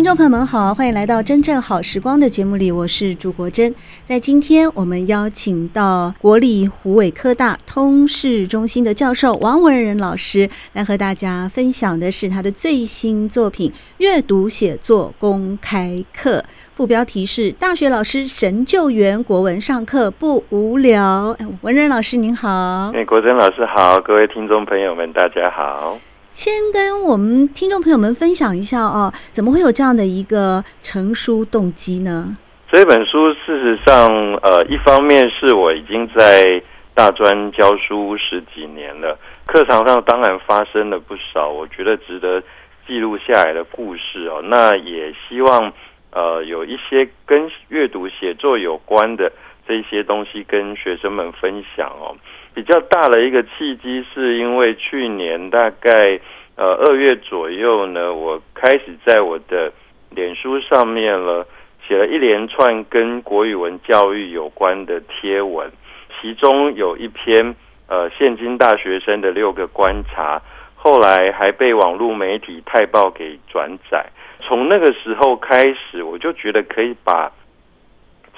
聽眾朋友們好，歡迎來到《真正好時光》的節目裡，我是朱國珍。在今天，我們邀請到國立虎尾科大通識中心的教授王文仁老師來和大家分享的是他的最新作品《閱讀寫作公開課》。副標題是“大學老師神救援，國文上課不無聊”。文仁老師您好，哎，國珍老師好，各位聽眾朋友們，大家好。先跟我們聽眾朋友們分享一下啊，哦，怎麼會有這樣的一個成書動機呢？這本書，事實上，呃，一方面是我已經在大專教書十幾年了，課堂上當然發生了不少我覺得值得記錄下來的故事哦。那也希望呃有一些跟閱讀寫作有關的這些東西跟學生們分享哦。比較大的一個契機，是因為去年大概呃二月左右呢，我開始在我的臉書上面了寫了一連串跟國語文教育有關的貼文，其中有一篇呃現今大學生的六個觀察，後來還被網絡媒體泰報給轉載。從那個時候開始，我就覺得可以把，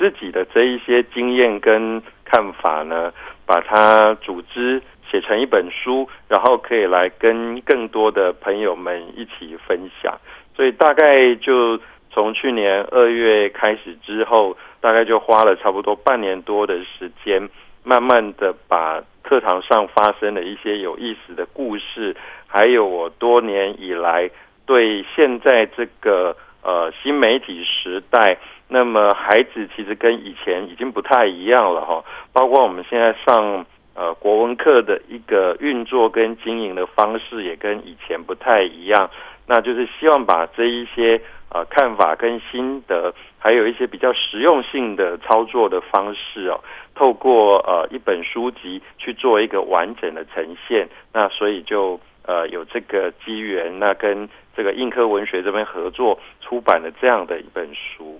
自己的這一些經驗跟看法呢，把它組織寫成一本書，然後可以來跟更多的朋友們一起分享。所以大概就從去年二月開始之後，大概就花了差不多半年多的時間，慢慢的把課堂上發生的一些有意思的故事，還有我多年以來對現在這個呃新媒體時代。那麼孩子其實跟以前已經不太一樣了哈、哦，包括我們現在上呃國文課的一個運作跟經營的方式也跟以前不太一樣，那就是希望把這一些呃看法跟心得，還有一些比較實用性的操作的方式哦，透過呃一本書籍去做一個完整的呈現，那所以就呃有這個機緣，那跟這個印刻文學這邊合作出版了這樣的一本書。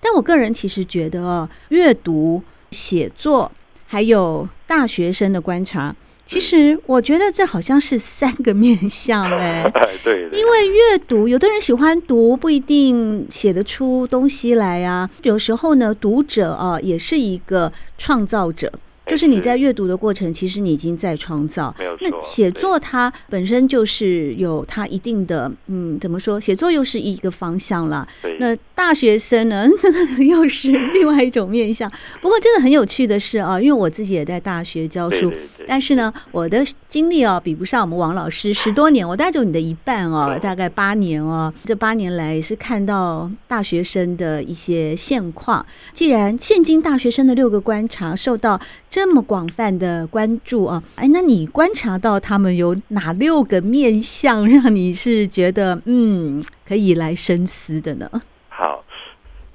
但我個人其實覺得、哦，閱讀、寫作還有大學生的觀察，其實我覺得這好像是三個面向。哎， 對的 因為閱讀，有的人喜歡讀，不一定寫得出東西來呀，啊。有時候呢，讀者啊，也是一個創造者。就是你在閱讀的過程，對其實你已經在創造。那寫作它本身就是有它一定的。對嗯，怎麼說？寫作又是一個方向了，對那大學生呢， 又是另外一種面向。不過真的很有趣的是啊，因為我自己也在大學教書，對對對，但是呢，我的經歷啊、哦，比不上我們王老師十多年。對我帶走你的一半哦，對大概八年哦。這八年來是看到大學生的一些現況。既然現今大學生的六個觀察受到這麼廣泛的關注啊！哎，那你觀察到他們有哪六個面向，讓你是覺得嗯可以來深思的呢？好，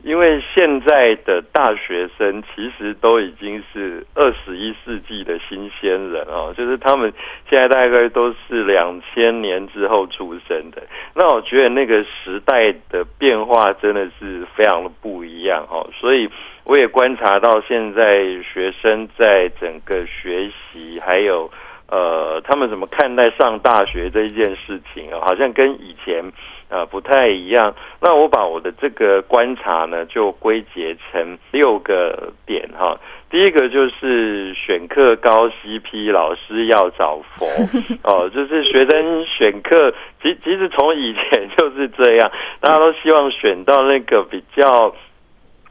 因為現在的大學生其實都已經是二十一世紀的新鮮人哦，就是他們現在大概都是兩千年之後出生的。那我覺得那個時代的變化真的是非常的不一樣哦，所以。我也觀察到，現在學生在整個學習，還有呃，他們怎麼看待上大學這一件事情啊、哦，好像跟以前呃不太一樣。那我把我的這個觀察呢，就歸結成六個點哈。第一個就是選課高 CP，老師要找佛 哦，就是學生選課，其其實從以前就是這樣，大家都希望選到那個比較。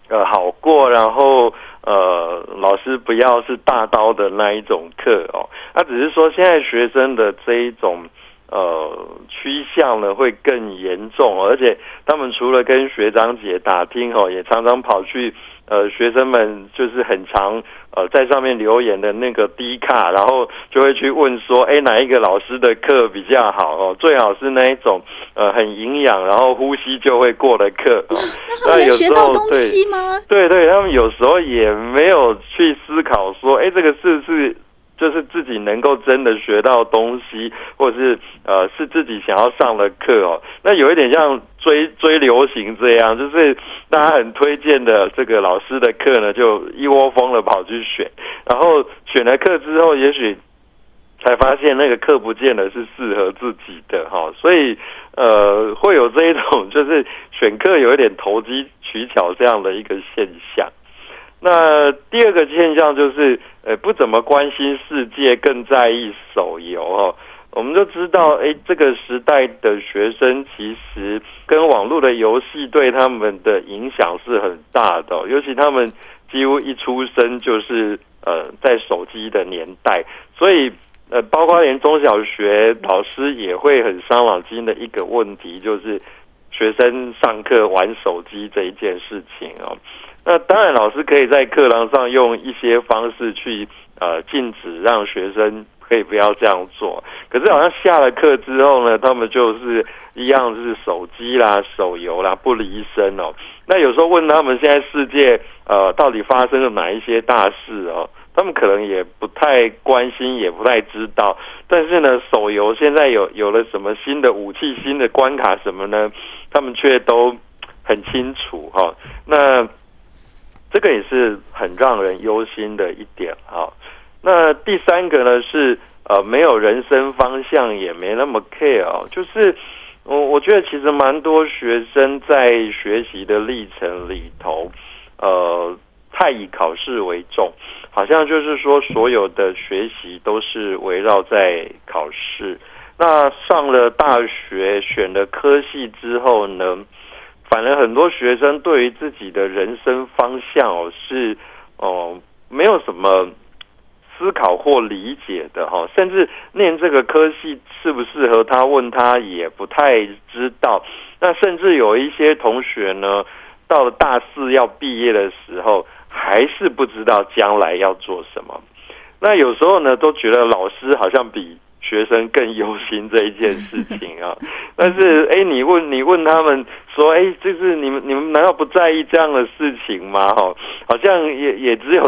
呃，好過，然後呃，老師不要是大刀的那一種課哦。那、啊、只是說，現在學生的這一種呃趨向呢，會更嚴重、哦，而且他們除了跟學長姐打聽哦，也常常跑去。呃，學生們就是很常呃在上面留言的那個低卡，然後就會去問說，哎，哪一個老師的課比較好哦？最好是那一種呃很營養，然後呼吸就會過的課哦。那，很那有時候學到東西嗎？對對對，他們有時候也沒有去思考說，哎，這個是不是。就是自己能夠真的學到東西，或者是呃是自己想要上的課哦。那有一點像追追流行這樣，就是大家很推薦的這個老師的課呢，就一窩蜂的跑去選。然後選了課之後，也許才發現那個課不見得是適合自己的哈、哦。所以呃，會有這一種就是選課有一點投機取巧這樣的一個現象。那第二個現象就是，呃、欸，不怎麼關心世界，更在意手遊哦。我們都知道，哎、欸，這個時代的學生其實跟網絡的遊戲對他們的影響是很大的、哦，尤其他們幾乎一出生就是呃在手機的年代，所以呃，包括連中小學老師也會很傷腦筋的一個問題，就是學生上課玩手機這一件事情哦。那當然，老師可以在課堂上用一些方式去呃禁止讓學生可以不要這樣做。可是，好像下了課之後呢，他們就是一樣是手機啦、手遊啦不離身哦。那有時候問他們現在世界呃到底發生了哪一些大事哦，他們可能也不太關心，也不太知道。但是呢，手遊現在有有了什麼新的武器、新的關卡什麼呢？他們卻都很清楚哈哦。那這個也是很讓人憂心的一點哈，啊，那第三個呢是呃沒有人生方向，也沒那麼 care 啊。就是我我覺得其實蠻多學生在學習的歷程裡頭，呃太以考試為重，好像就是說所有的學習都是圍繞在考試。那上了大學選了科系之後呢，反而很多學生對於自己的人生方向哦，是哦沒有什麼思考或理解的哈、哦，甚至念這個科系適不適合他，問他也不太知道。那甚至有一些同學呢，到了大四要畢業的時候，還是不知道將來要做什麼。那有時候呢，都覺得老師好像比。學生更憂心這一件事情啊，但是哎，你問你問他們說，哎，就是你們你們難道不在意這樣的事情嗎？哈，好像也也只有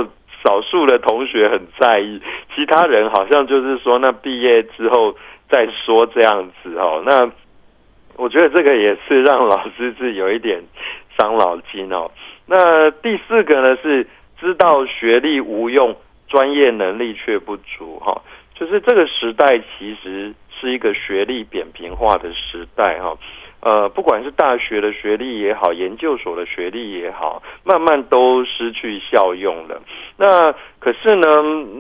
少數的同學很在意，其他人好像就是說，那畢業之後再說這樣子哈。那我覺得這個也是讓老師是有一點傷腦筋哦。那第四個呢，是知道學歷無用，專業能力卻不足哈。就是這個時代其實是一個學歷扁平化的時代哈、哦，呃，不管是大學的學歷也好，研究所的學歷也好，慢慢都失去效用了。那可是呢，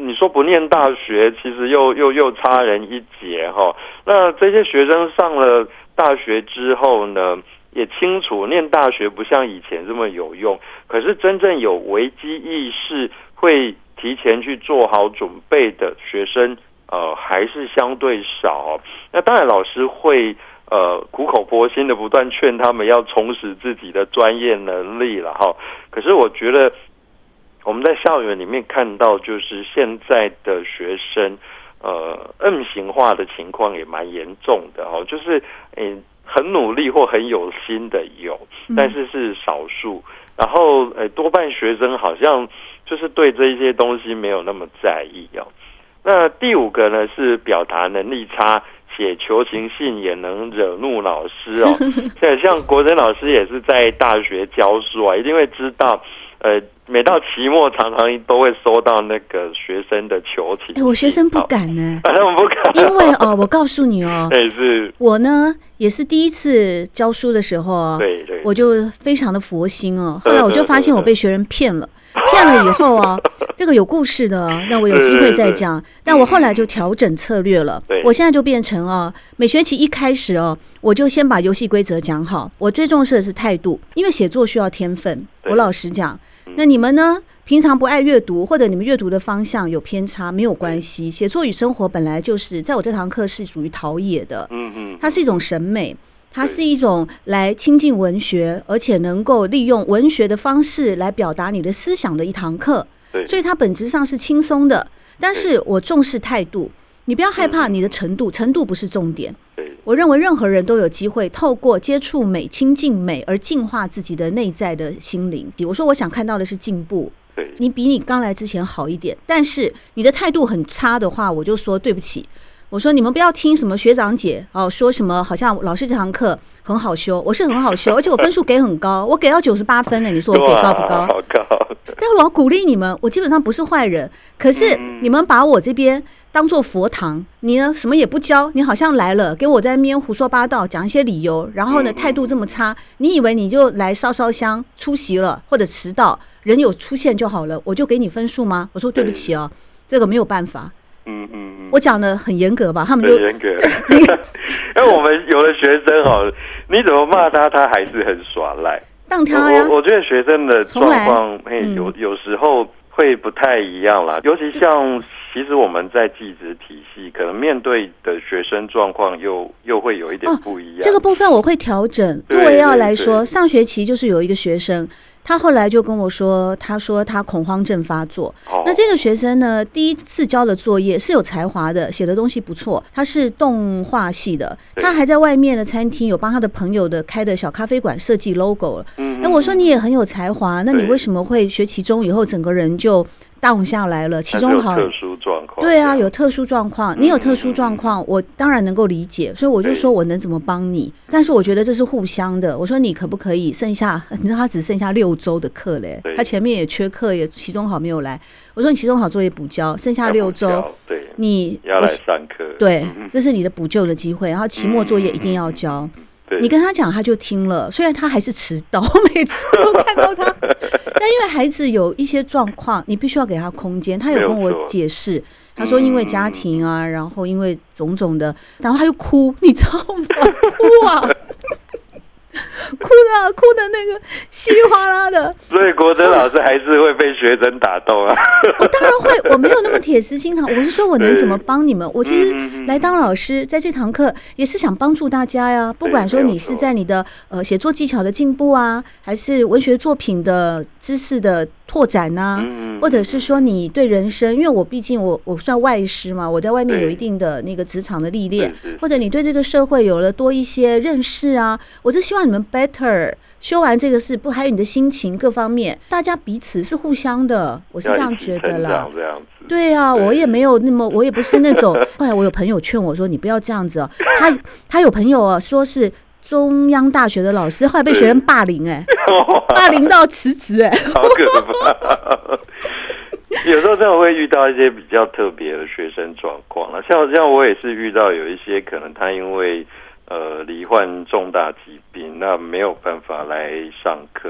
你說不念大學，其實又又又差人一截哈、哦。那這些學生上了大學之後呢，也清楚念大學不像以前這麼有用。可是真正有危機意識，會提前去做好準備的學生。呃，還是相對少。那當然，老師會呃苦口婆心的不斷勸他們要重拾自己的專業能力了哈、哦。可是我覺得我們在校園裡面看到，就是現在的學生呃，M 型化的情況也蠻嚴重的哈、哦。就是嗯，很努力或很有心的有，嗯、但是是少數。然後呃，多半學生好像就是對這些東西沒有那麼在意哦。那第五個呢，是表達能力差，寫求情信也能惹怒老師哦。 像國珍老師也是在大學教書啊，一定會知道，呃。每到期末，常常都會收到那個學生的求情。哎，我學生不敢呢，反正我不敢。因為哦，我告訴你哦，我呢，也是第一次教書的時候啊，對對，我就非常的佛心哦。後來我就發現我被學生騙了，騙了以後啊，這個有故事的，那我有機會再講。但我後來就調整策略了，我現在就變成啊，每學期一開始哦，我就先把遊戲規則講好。我最重視的是態度，因為寫作需要天分。我老實講。那你們呢？平常不愛閱讀，或者你們閱讀的方向有偏差，沒有關係。對寫作與生活本來就是，在我這堂課是屬於陶冶的，嗯哼它是一種審美，它是一種來親近文學，對而且能夠利用文學的方式來表達你的思想的一堂課。對所以它本質上是輕鬆的，但是我重視態度。你不要害怕你的程度，程度不是重點。我認為任何人都有機會透過接觸美、親近美而淨化自己的內在的心靈。比如說，我想看到的是進步，你比你剛來之前好一點。但是你的態度很差的話，我就說對不起。我說你們不要聽什麼學長姐哦，說什麼好像老師這堂課很好修，我是很好修，而且我分數給很高，我給到九十八分呢。你說我給高不高？好高！但我要鼓勵你們，我基本上不是壞人。可是你們把我這邊當做佛堂，你呢什麼也不教，你好像來了，給我在那邊胡說八道，講一些理由，然後呢態度這麼差，你以為你就來燒燒香出席了或者遲到，人有出現就好了，我就給你分數嗎？我說對不起哦、啊，這個沒有辦法。嗯嗯，我講的很嚴格吧？他們都很嚴格， 因為我們有的學生哈，你怎麼罵他，他還是很耍賴。但他呀、啊！我我覺得學生的狀況，來嘿，有有時候會不太一樣啦，嗯、尤其像。其實我們在技職體系，可能面對的學生狀況又又會有一點不一樣，哦。這個部分我會調整。對，為要來說，上學期就是有一個學生，他後來就跟我說，他說他恐慌症發作。哦、那這個學生呢，第一次交的作業是有才華的，寫的東西不錯。他是動畫系的，對他還在外面的餐廳有幫他的朋友的開的小咖啡館設計 logo 嗯。那我說你也很有才華，那你為什麼會學期中以後整個人就蕩下來了，期中考對啊，有特殊狀況，嗯、你有特殊狀況，嗯、我當然能夠理解，所以我就說我能怎麼幫你？對但是我覺得這是互相的，我說你可不可以剩下？你知道他只剩下六周的課嘞、欸，對他前面也缺課也，期中考沒有來，我說你期中考作業補交，剩下六周，要你，也你要來上課，對，這是你的補救的機會，然後期末作業一定要交。嗯嗯你跟他講，他就聽了。雖然他還是遲到，每次都看到他，但因為孩子有一些狀況，你必須要給他空間。他有跟我解釋，他說因為家庭啊，然後因為種種的，然後他就哭，你知道嗎？哭啊！ 哭的、啊、哭的那個稀裡嘩啦的， 所以國珍老師還是會被學生打動啊！ 我當然會，我沒有那麼鐵石心腸。我是說，我能怎麼幫你們？嗯、我其實來當老師，在這堂課也是想幫助大家呀、啊。不管說你是在你的呃寫作技巧的進步啊，還是文學作品的知識的。拓展吶、啊，或者是說你對人生，因為我畢竟我我算外師嘛，我在外面有一定的那個職場的歷練，或者你對這個社會有了多一些認識啊，我就希望你們 better 修完這個事，不還有你的心情各方面，大家彼此是互相的，我是這樣覺得啦。這樣子。對啊，我也沒有那麼，我也不是那種。對後來我有朋友勸我說：“你不要這樣子、啊。”他他有朋友啊，說是。中央大學的老師後來被學生霸凌，哎，霸凌到辭職，哎，好可怕！ 有時候真的會遇到一些比較特別的學生狀況了，像像我也是遇到有一些可能他因為呃罹患重大疾病，那沒有辦法來上課，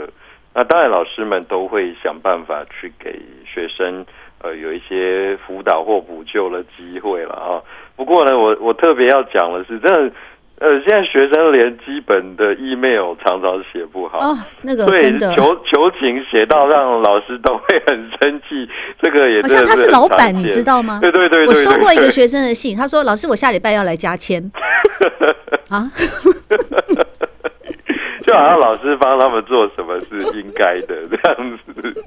那當然老師們都會想辦法去給學生呃有一些輔導或補救的機會了啊。不過呢，我我特別要講的是真的。呃，現在學生連基本的 email 常常寫不好，哦，那個真的，求求情寫到讓老師都會很生氣，這個也好像他是老闆，你知道嗎？對對對，對，我收過一個學生的信，他說：“老師，我下禮拜要來加簽。” 啊， 就好像老師幫他們做什麼是應該的這樣子。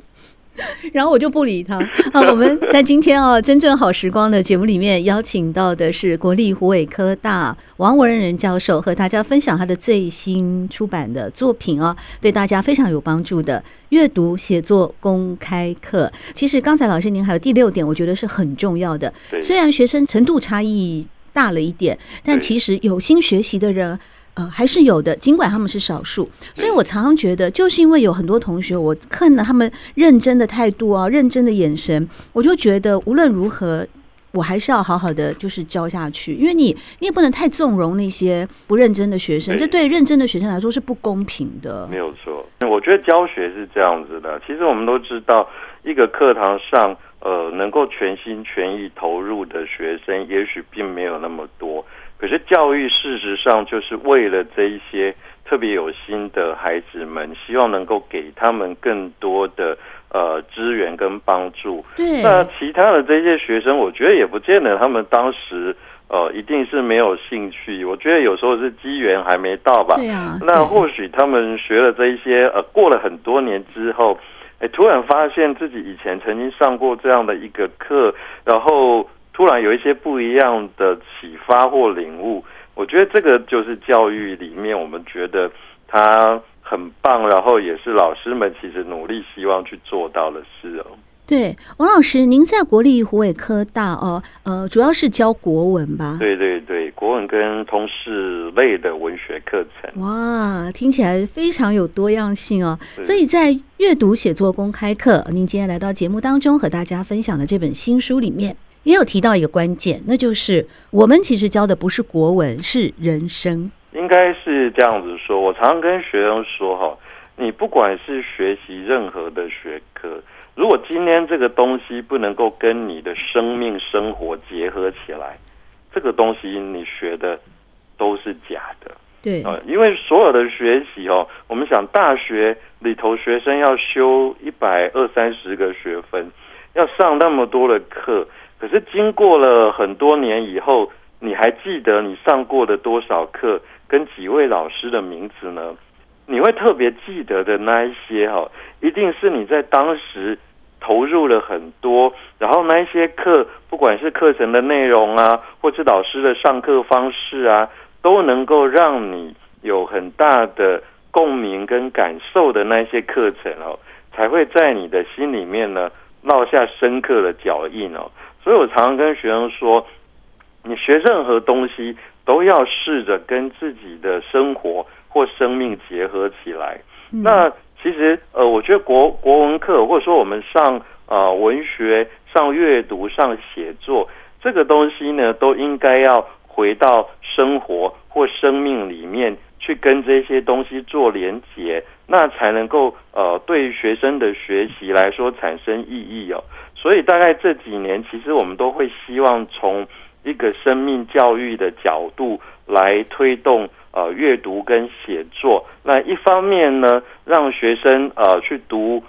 然後我就不理他啊！我們在今天啊、哦，真正好時光的節目裡面邀請到的是國立虎尾科大王文仁教授，和大家分享他的最新出版的作品哦，對大家非常有幫助的閱讀寫作公開課。其實剛才老師您還有第六點，我覺得是很重要的。雖然學生程度差異大了一點，但其實有心學習的人，呃，還是有的，儘管他們是少數，所以我常常覺得，就是因為有很多同學，我看到他們認真的態度啊，認真的眼神，我就覺得無論如何，我還是要好好的就是教下去，因為你你也不能太縱容那些不認真的學生，欸、這對認真的學生來說是不公平的。沒有錯，我覺得教學是這樣子的。其實我們都知道，一個課堂上，呃，能夠全心全意投入的學生，也許並沒有那麼多。可是教育事實上就是為了這一些特別有心的孩子們，希望能夠給他們更多的呃資源跟幫助。對啊，那其他的這些學生，我覺得也不見得他們當時呃一定是沒有興趣。我覺得有時候是機緣還沒到吧。對啊，對。那或許他們學了這一些，呃，過了很多年之後，哎，突然發現自己以前曾經上過這樣的一個課，然後。突然有一些不一樣的啟發或領悟，我覺得這個就是教育裡面我們覺得它很棒，然後也是老師們其實努力希望去做到的事哦。對，王老師，您在國立虎尾科大哦，呃，主要是教國文吧？對對對，國文跟通識類的文學課程。哇，聽起來非常有多樣性哦。對所以在閱讀寫作公開課，您今天來到節目當中和大家分享的這本新書裡面，也有提到一個關鍵，那就是我們其實教的不是國文，是人生。應該是這樣子說，我常常跟學生說哈，你不管是學習任何的學科，如果今天這個東西不能夠跟你的生命生活結合起來，這個東西你學的都是假的。對啊，因為所有的學習哦，我們想大學裡頭學生要修一百二三十個學分，要上那麼多的課。可是經過了很多年以後，你還記得你上過的多少課跟幾位老師的名字呢？你會特別記得的那一些哈、哦，一定是你在當時投入了很多，然後那一些課，不管是課程的內容啊，或是老師的上課方式啊，都能夠讓你有很大的共鳴跟感受的那些課程哦，才會在你的心裡面呢落下深刻的腳印哦。所以我常常跟學生說，你學任何東西都要試着跟自己的生活或生命結合起來。那其實呃，我覺得國國文課或者說我們上啊、呃、文學、上閱讀、上寫作這個東西呢，都應該要回到生活或生命裡面去跟這些東西做連接，那才能夠呃，對學生的學習來說產生意義哦。所以，大概這幾年，其實我們都會希望從一個生命教育的角度來推動呃閱讀跟寫作。那一方面呢，讓學生呃去讀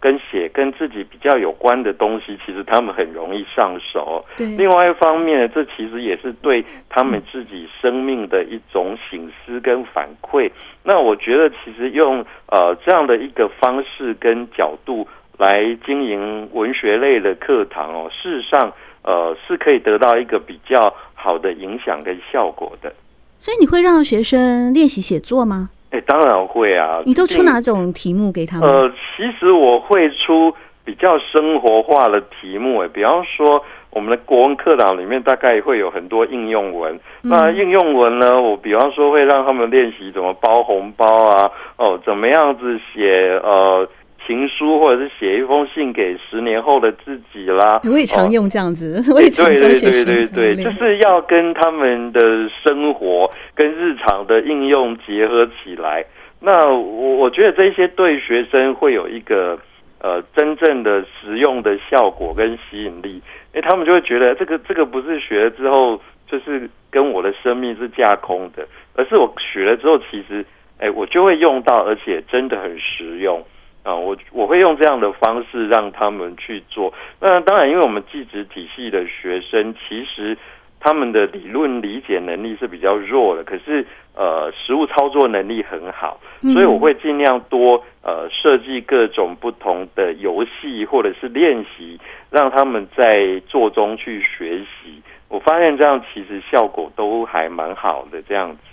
跟寫跟自己比較有關的東西，其實他們很容易上手。另外一方面，這其實也是對他們自己生命的一種省思跟反饋。那我覺得，其實用呃這樣的一個方式跟角度。來經營文學類的課堂哦，事實上，呃，是可以得到一個比較好的影響跟效果的。所以你會讓學生練習寫作嗎？哎、欸，當然會啊。你都出哪種題目給他們？呃，其實我會出比較生活化的題目，欸，哎，比方說我們的國文課堂裡面大概會有很多應用文。嗯、那應用文呢，我比方說會讓他們練習怎麼包紅包啊，哦、呃，怎麼樣子寫呃。情書，或者是寫一封信給十年後的自己啦。你也常用這樣子，我也經常寫信。對，對對對對對，就是要跟他們的生活跟日常的應用結合起來。那我我覺得這些對學生會有一個呃真正的實用的效果跟吸引力。哎，他們就會覺得這個這個不是學了之後就是跟我的生命是架空的，而是我學了之後，其實哎我就會用到，而且真的很實用。啊、呃，我我會用這樣的方式讓他們去做。那當然，因為我們技職體系的學生，其實他們的理論理解能力是比較弱的，可是呃，實務操作能力很好，所以我會盡量多呃設計各種不同的遊戲或者是練習，讓他們在做中去學習。我發現這樣其實效果都還蠻好的，這樣子。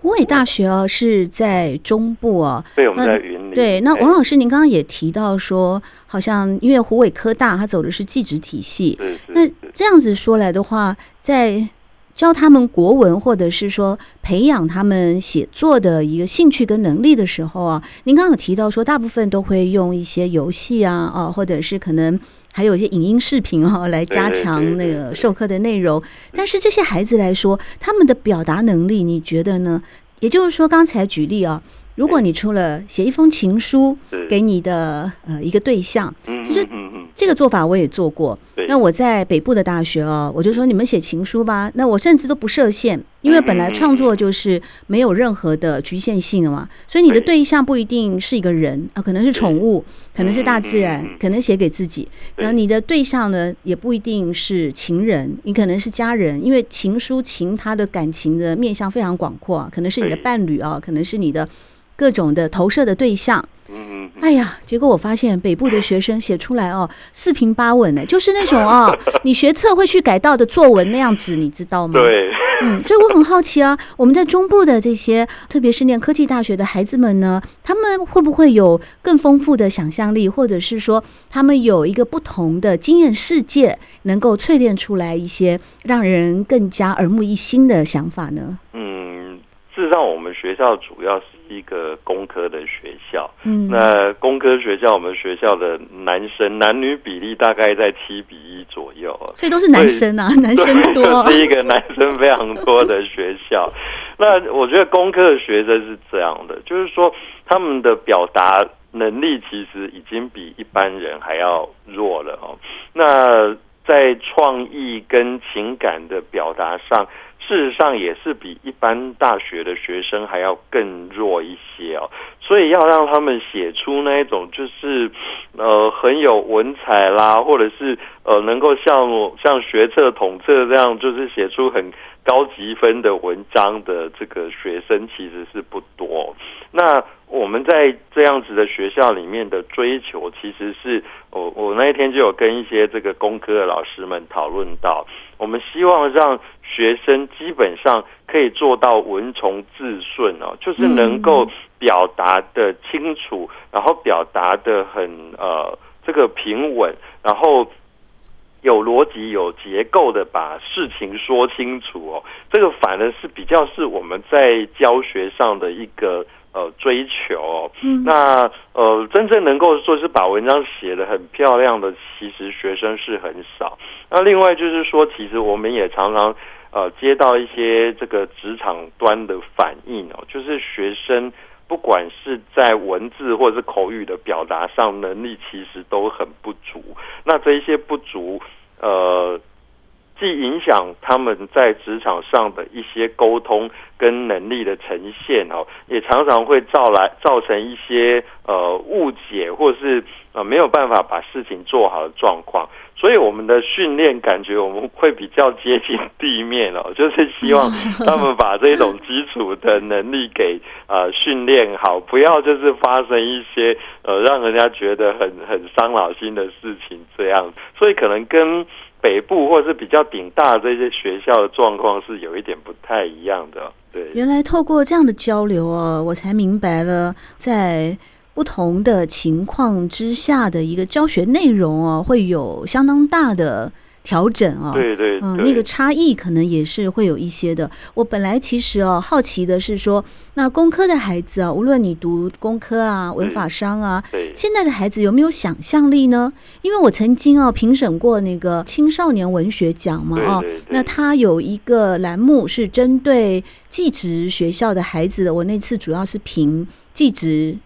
虎尾大學啊，是在中部啊。對，我們在雲林。對，那王老師，您剛剛也提到說，好像因為虎尾科大他走的是技職體系，對那這樣子說來的話，在教他們國文或者是說培養他們寫作的一個興趣跟能力的時候啊，您剛剛有提到說，大部分都會用一些遊戲啊，啊或者是可能。還有一些影音視頻哈，來加強那個授課的內容。但是這些孩子來說，他們的表達能力，你覺得呢？也就是說，剛才舉例啊，如果你除了寫一封情書給你的呃一個對象，其實這個做法我也做過。那我在北部的大學哦，我就說你們寫情書吧。那我甚至都不設限，因為本來創作就是沒有任何的局限性的嘛。所以你的對象不一定是一個人啊，可能是寵物，可能是大自然，可能寫給自己。那，啊，你的對象呢，也不一定是情人，你可能是家人，因為情書情他的感情的面向非常廣闊，可能是你的伴侶啊，可能是你的。各種的投射的對象，嗯哼哼，哎呀，結果我發現北部的學生寫出來哦，四平八穩呢，就是那種哦， 你學測會去改到的作文那樣子，你知道嗎？對，嗯，所以我很好奇啊， 我們在中部的這些，特別是念科技大學的孩子們呢，他們會不會有更豐富的想象力，或者是說他們有一個不同的經驗世界，能夠淬煉出來一些讓人更加耳目一新的想法呢？嗯，事實上，我們學校主要是。一個工科的學校，嗯、那工科學校，我們學校的男生男女比例大概在七比一左右，所以都是男生啊，以男生多，哦就是一個男生非常多的學校。 那我覺得工科的學生是這樣的，就是說他們的表達能力其實已經比一般人還要弱了哦。那在創意跟情感的表達上，事實上，也是比一般大學的學生還要更弱一些哦。所以要讓他們寫出那種就是，呃，很有文采啦，或者是呃，能夠像像學測統測這樣，就是寫出很高級分的文章的這個學生其實是不多。那我們在這樣子的學校裡面的追求，其實是我我那一天就有跟一些這個工科的老師們討論到，我們希望讓學生基本上。可以做到文從字順哦，就是能夠表達得清楚，嗯、然後表達得很呃這個平穩，然後有邏輯、有結構的把事情說清楚哦。這個反而是比較是我們在教學上的一個呃追求、哦。嗯，那呃真正能夠說是把文章寫得很漂亮的，其實學生是很少。那另外就是說，其實我們也常常。呃，接到一些這個職場端的反應哦，就是學生不管是在文字或者是口語的表達上，能力其實都很不足。那這些不足，呃，既影響他們在職場上的一些溝通跟能力的呈現哦，也常常會造來造成一些呃誤解，或是啊，呃，沒有辦法把事情做好的狀況。所以我們的訓練感覺，我們會比較接近地面哦，就是希望他們把這種基礎的能力給、呃、訓練好，不要就是發生一些呃讓人家覺得很很傷腦筋的事情。這樣，所以可能跟北部或是比較頂大這些學校的狀況是有一點不太一樣的。對，原來透過這樣的交流哦，我才明白了在。不同的情況之下的一個教學內容哦，會有相當大的調整啊、哦。對，對對，嗯，那個差異可能也是會有一些的。我本來其實哦，好奇的是說，那工科的孩子啊，無論你讀工科啊、文法商啊，現在的孩子有沒有想象力呢？因為我曾經哦，評審過那個青少年文學獎嘛哦，對對對，那他有一個欄目是針對技職學校的孩子，我那次主要是評技職。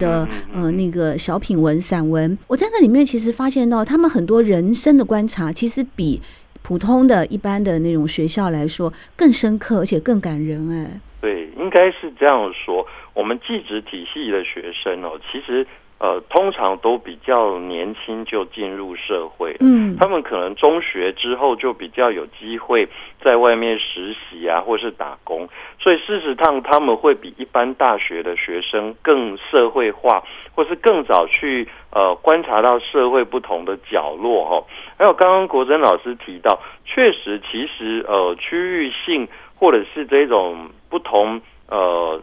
的呃、那個小品文散文，我在那裡面其實發現到他們很多人生的觀察，其實比普通的一般的那種學校來說更深刻，而且更感人。哎，對，應該是這樣說。我們技職體系的學生哦，其實呃通常都比較年輕就進入社會，嗯，他們可能中學之後就比較有機會在外面實習啊，或是打工。所以事實上，他們會比一般大學的學生更社會化，或是更早去呃觀察到社會不同的角落哈、哦。還有剛剛國珍老師提到，確實其實呃區域性或者是這種不同呃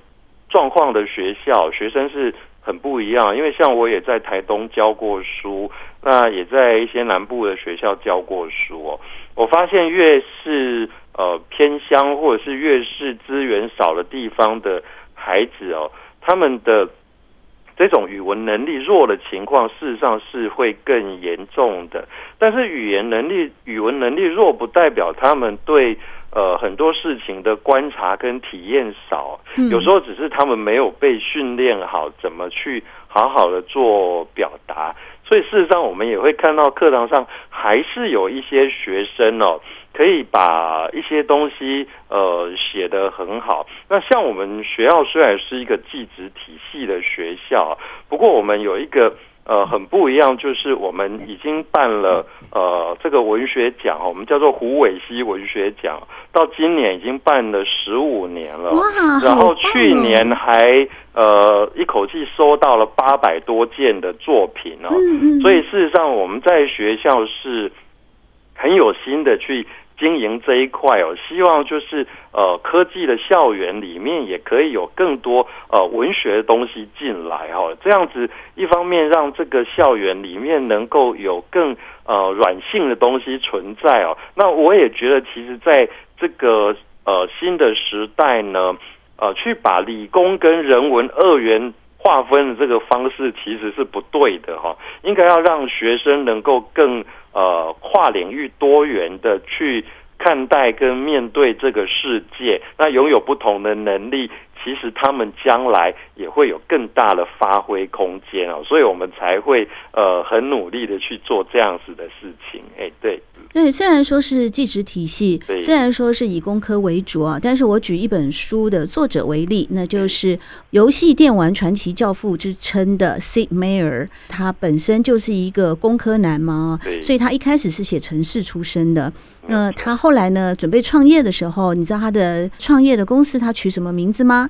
狀況的學校，學生是很不一樣。因為像我也在台東教過書，那也在一些南部的學校教過書哦，我發現越是。呃，偏鄉或者是越是資源少的地方的孩子哦，他們的這種語文能力弱的情況，事實上是會更嚴重的。但是語言能力、語文能力弱，不代表他們對呃很多事情的觀察跟體驗少。嗯、有時候只是他們沒有被訓練好，怎麼去好好的做表達。所以事實上，我們也會看到課堂上還是有一些學生哦。可以把一些東西呃寫得很好。那像我們學校雖然是一個技職體系的學校，不過我們有一個呃很不一樣，就是我們已經辦了呃這個文學獎，我們叫做虎尾溪文學獎，到今年已經辦了十五年了。然後去年還呃一口氣收到了八百多件的作品呢、哦。所以事實上，我們在學校是很有心的去。經營這一塊哦，希望就是呃，科技的校園裡面也可以有更多呃文學的東西進來哦。這樣子一方面讓這個校園裡面能夠有更呃軟性的東西存在哦。那我也覺得，其實，在這個呃新的時代呢，呃，去把理工跟人文二元劃分的這個方式其實是不對的哈。應該要讓學生能夠更。呃，跨領域多元的去看待跟面對這個世界，那擁有不同的能力。其實他們將來也會有更大的發揮空間哦，所以我們才會呃很努力的去做這樣子的事情。哎、欸，對對，雖然說是技職體系，對雖然說是以工科為主啊，但是我舉一本書的作者為例，那就是遊戲電玩傳奇教父之稱的 Sid Meier，他本身就是一個工科男嘛，對所以他一開始是寫程式出身的。那他後來呢，準備創業的時候，你知道他的創業的公司他取什麼名字嗎？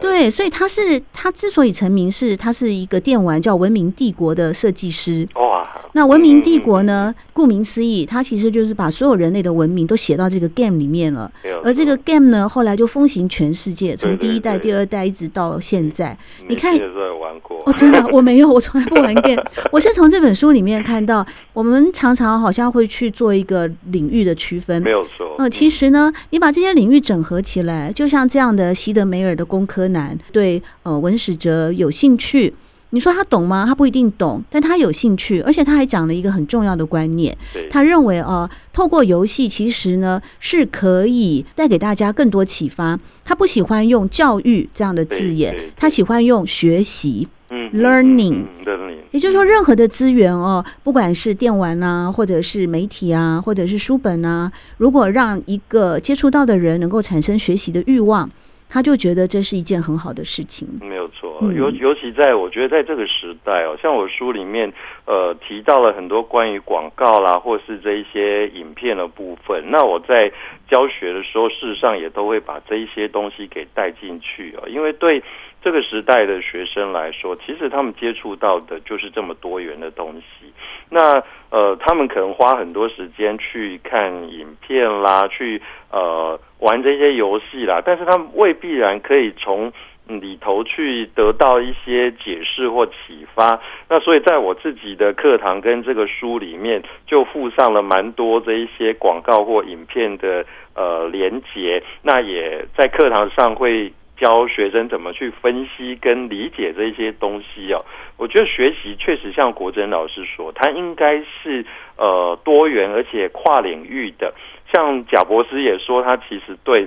對，所以他是他之所以成名，是他是一個電玩叫《文明帝國》的設計師。哦，那《文明帝國》呢？顧名思義，它其實就是把所有人類的文明都寫到這個 game 裡面了。而這個 game 呢，後來就風行全世界，從第一代、第二代一直到現在。你看、哦，我真的我沒有，我從來不玩 game。我是從這本書裡面看到，我們常常好像會去做一個領域的區分。沒有說，呃，其實呢，你把這些領域整合起來，就像這樣的西德梅爾的工科。難對呃，文史哲有興趣，你說他懂嗎？他不一定懂，但他有興趣，而且他還講了一個很重要的觀念。對他認為呃，透過遊戲其實呢是可以帶給大家更多啟發。他不喜歡用教育這樣的字眼，他喜歡用學習，learning，learning。也就是說，任何的資源哦，不管是電玩啊，或者是媒體啊，或者是書本啊，如果讓一個接觸到的人能夠產生學習的欲望。他就覺得這是一件很好的事情。沒有錯，尤尤其在我覺得在這個時代哦，嗯。像我書裡面呃提到了很多關於廣告啦，或是這一些影片的部分。那我在教學的時候，事實上也都會把這一些東西給帶進去哦，因為對這個時代的學生來說，其實他們接觸到的就是這麼多元的東西。那呃，他們可能花很多時間去看影片啦，去呃。玩這些遊戲啦，但是他們未必然可以從裡頭去得到一些解釋或啟發。那所以在我自己的課堂跟這個書裡面，就附上了蠻多這一些廣告或影片的呃連結。那也在課堂上會教學生怎麼去分析跟理解這些東西哦、啊。我覺得學習確實像國珍老師說，它應該是呃多元而且跨領域的。像賈伯斯也說，他其實對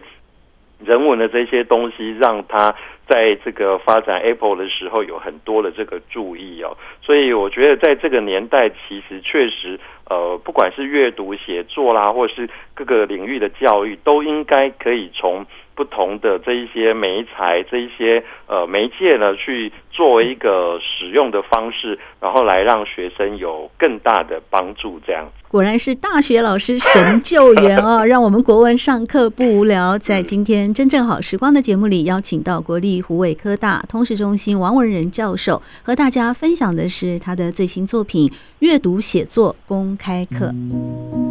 人文的這些東西，讓他在這個發展 Apple 的時候有很多的這個注意哦。所以我覺得，在這個年代，其實確實，呃，不管是閱讀、寫作啦，或是各個領域的教育，都應該可以從，不同的這一些媒材，這一些呃媒介呢，去作為一個使用的方式，然後來讓學生有更大的幫助。這樣，果然是大學老師神救援哦， 讓我們國文上課不無聊。在今天真正好時光的節目裡，邀請到國立虎尾科大通識中心王文仁教授，和大家分享的是他的最新作品《閱讀寫作公開課》。嗯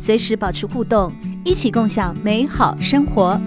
隨時保持互動，一起共享美好生活。